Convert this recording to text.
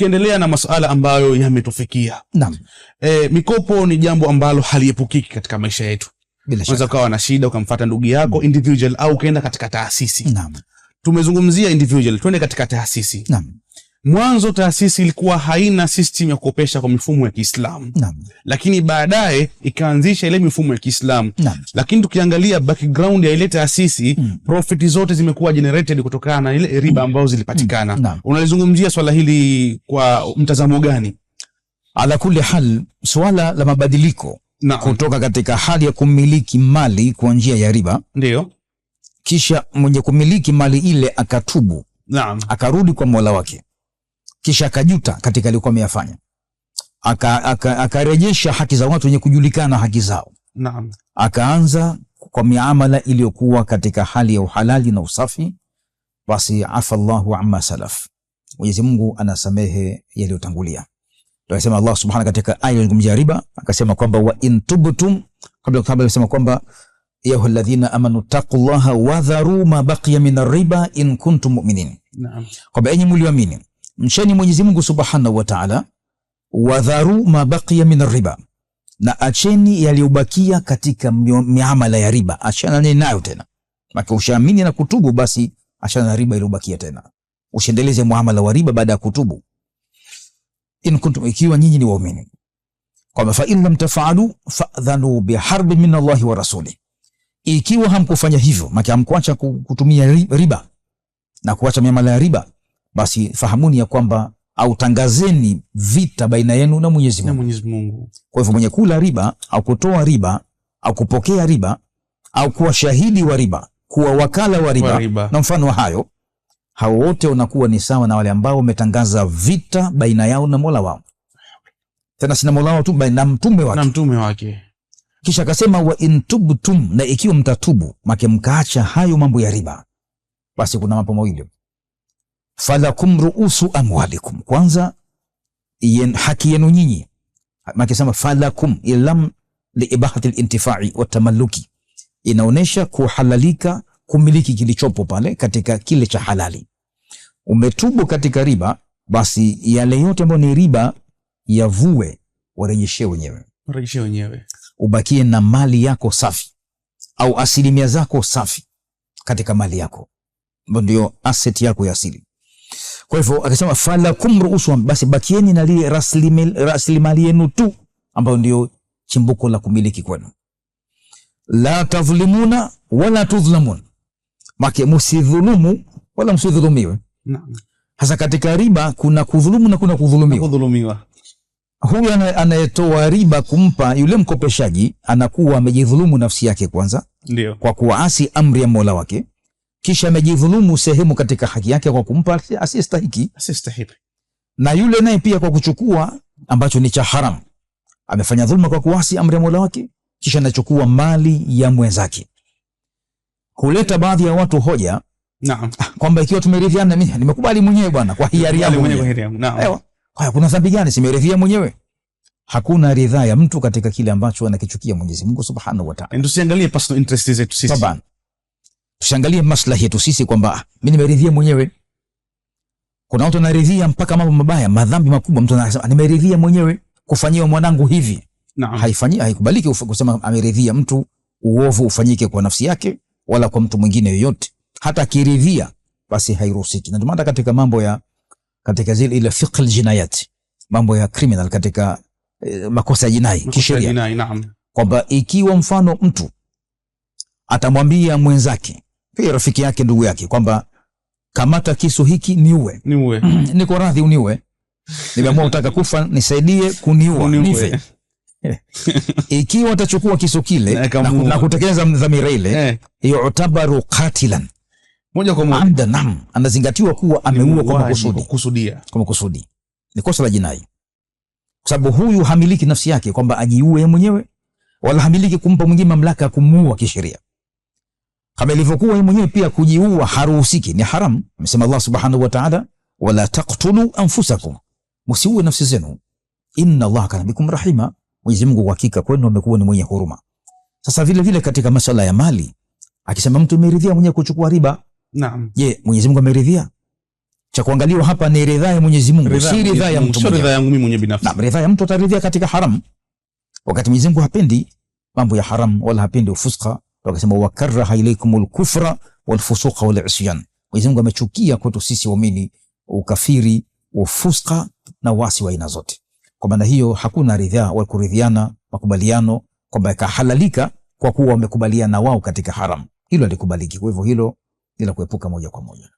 tukiendelea na masuala ambayo yametufikia e, mikopo ni jambo ambalo haliepukiki katika maisha yetu. Unaweza ukawa na shida ukamfata ndugu yako mm. individual au ukaenda katika taasisi. Naam. Tumezungumzia individual, twende katika taasisi. Naam. Mwanzo taasisi ilikuwa haina system ya kukopesha kwa mifumo ya Kiislamu, lakini baadaye ikaanzisha ile mifumo ya Kiislamu. Lakini tukiangalia background ya ile taasisi mm. profit zote zimekuwa generated kutokana na ile riba hmm. ambazo zilipatikana mm. unalizungumzia swala hili kwa mtazamo gani? Ala kulli hal, swala la mabadiliko na kutoka katika hali ya kumiliki mali kwa njia ya riba, ndio kisha mwenye kumiliki mali ile akatubu, naam, akarudi kwa Mola wake kisha akajuta katika aliyokuwa ameyafanya, akarejesha aka, aka haki za watu wenye kujulikana haki zao. Naam, akaanza kwa miamala iliyokuwa katika hali ya uhalali na usafi. Basi afa Allahu amma salaf, Mwenyezi Mungu anasamehe yaliyotangulia. Ndio asema Allah subhanahu katika aya iliyozungumzia riba akasema kwamba wa in tubtum, kabla kabla alisema kwamba ya ayyuhalladhina amanu taqullaha wadharu ma baqiya min riba in kuntum mu'minin. Naam, kwamba enyi mlioamini mcheni Mwenyezi Mungu Subhanahu wa Ta'ala, wadharu ma baqiya min riba, na acheni yaliyobakia katika miamala ya riba, achana nayo tena. Maka ushaamini na kutubu, basi achana na riba iliyobakia tena, ushendeleze muamala wa riba baada ya kutubu. In kuntum, ikiwa nyinyi ni waumini, kwamba fa in lam tafaalu fadhanu biharbi min Allahi wa rasuli, ikiwa hamkufanya hivyo, maka hamkuacha kutumia riba na kuacha miamala ya riba basi fahamuni ya kwamba au tangazeni vita baina yenu na Mwenyezi Mungu. Na Mwenyezi Mungu. Kwa hivyo mwenye kula riba au kutoa riba au kupokea riba au kuwa shahidi wa riba, kuwa wakala wa riba, wa riba na mfano wa hayo, hao wote wanakuwa ni sawa na wale ambao wametangaza vita baina yao na Mola wao, tena sina Mola wao tu, bali na mtume wake, na mtume wake. Kisha akasema wa intubtum, na ikiwa mtatubu, make mkaacha hayo mambo ya riba, basi kuna mambo mawili falakum ruusu amwalikum, kwanza yen, haki yenu nyinyi. Makisema falakum ilam liibahati lintifai watamalluki, inaonyesha kuhalalika kumiliki kilichopo pale katika kile cha halali. Umetubu katika riba, basi yale yote ambayo ni riba yavue, warejeshe wenyewe, warejeshe wenyewe, ubakie na mali yako safi au asilimia zako safi katika mali yako, ndio asset yako ya asili. Kwa hivyo akasema falakum ruusuhum, basi bakieni na lile rasilimali yenu tu ambayo ndio chimbuko la kumiliki kwenu. La tadhlimuna wala tudhlamun, make musidhulumu wala msidhulumiwe. Hasa katika riba kuna kudhulumu na kuna kudhulumiwa. Huyu anayetoa riba kumpa yule mkopeshaji anakuwa amejidhulumu nafsi yake kwanza, ndio kwa kuwaasi amri ya Mola wake kisha amejidhulumu sehemu katika haki yake kwa kumpa asiyestahiki asiyestahiki, na yule naye pia kwa kuchukua ambacho ni cha haram. Amefanya dhulma kwa kuasi amri ya Mola wake, kisha anachukua mali ya mwenzake. Huleta baadhi ya watu hoja naam, kwamba ikiwa tumeridhiana, mimi nimekubali mwenyewe bwana, kwa hiari yangu mwenyewe. Naam, haya, kuna dhambi gani? Simeridhia mwenyewe. Hakuna ridhaa ya mtu katika kile ambacho anakichukia Mwenyezi Mungu Subhanahu wa Ta'ala. Ndio, siangalie personal interest zetu sisi tusiangalie maslahi yetu sisi kwamba mimi nimeridhia mwenyewe. Kuna watu anaridhia mpaka mambo mabaya, madhambi makubwa, mtu anasema nimeridhia mwenyewe kufanyiwa mwanangu hivi. Naam, haifanyi haikubaliki kusema ameridhia mtu uovu ufanyike kwa nafsi yake wala kwa mtu mwingine yoyote, hata akiridhia basi hairuhusiki. Na ndio maana katika mambo ya katika zile ile fiqh aljinayat, mambo ya criminal, katika eh, makosa ya jinai kisheria, naam, kwamba ikiwa mfano mtu atamwambia mwenzake pia rafiki yake ndugu yake kwamba kamata kisu hiki niue, niue. niko radhi uniue, nimeamua utaka kufa nisaidie kuniua nife. Ikiwa atachukua kisu kile na, na, kutekeleza dhamira ile hiyo, eh. utabaru qatilan moja kwa moja, nam anazingatiwa kuwa ameua kwa makusudi, kwa makusudi. Ni kosa la jinai, kwa sababu huyu hamiliki nafsi yake kwamba ajiue mwenyewe, wala hamiliki kumpa mwingine mamlaka ya kumuua kisheria kama ilivyokuwa yeye mwenyewe pia kujiua haruhusiki, ni haramu. Amesema Allah subhanahu wa ta'ala, wala taqtulu anfusakum, msiue nafsi zenu, inna Allah kana bikum rahima, Mwenyezi Mungu kwa hakika kwenu amekuwa ni mwenye huruma. Sasa vile vile katika masuala ya mali, akisema mtu ameridhia mwenye kuchukua riba, naam, je, Mwenyezi Mungu ameridhia? Cha kuangaliwa hapa ni ridhaa ya Mwenyezi Mungu, si ridhaa ya mtu, ridhaa yangu mimi mwenye binafsi. Naam, ridhaa ya mtu ataridhia katika haramu, wakati Mwenyezi Mungu hapendi mambo ya haramu wala hapendi ufuska wakasema wakaraha ilaikum lkufra walfusuqa walisyan, Mwenyezi Mungu amechukia kwetu sisi waumini ukafiri ufuska na wasi wa aina zote. Kwa maana hiyo hakuna ridhaa walikuridhiana makubaliano kwamba yakahalalika kwa kuwa wamekubaliana wao katika haram, hilo alikubaliki. Kwa hivyo hilo ni la kuepuka moja kwa moja.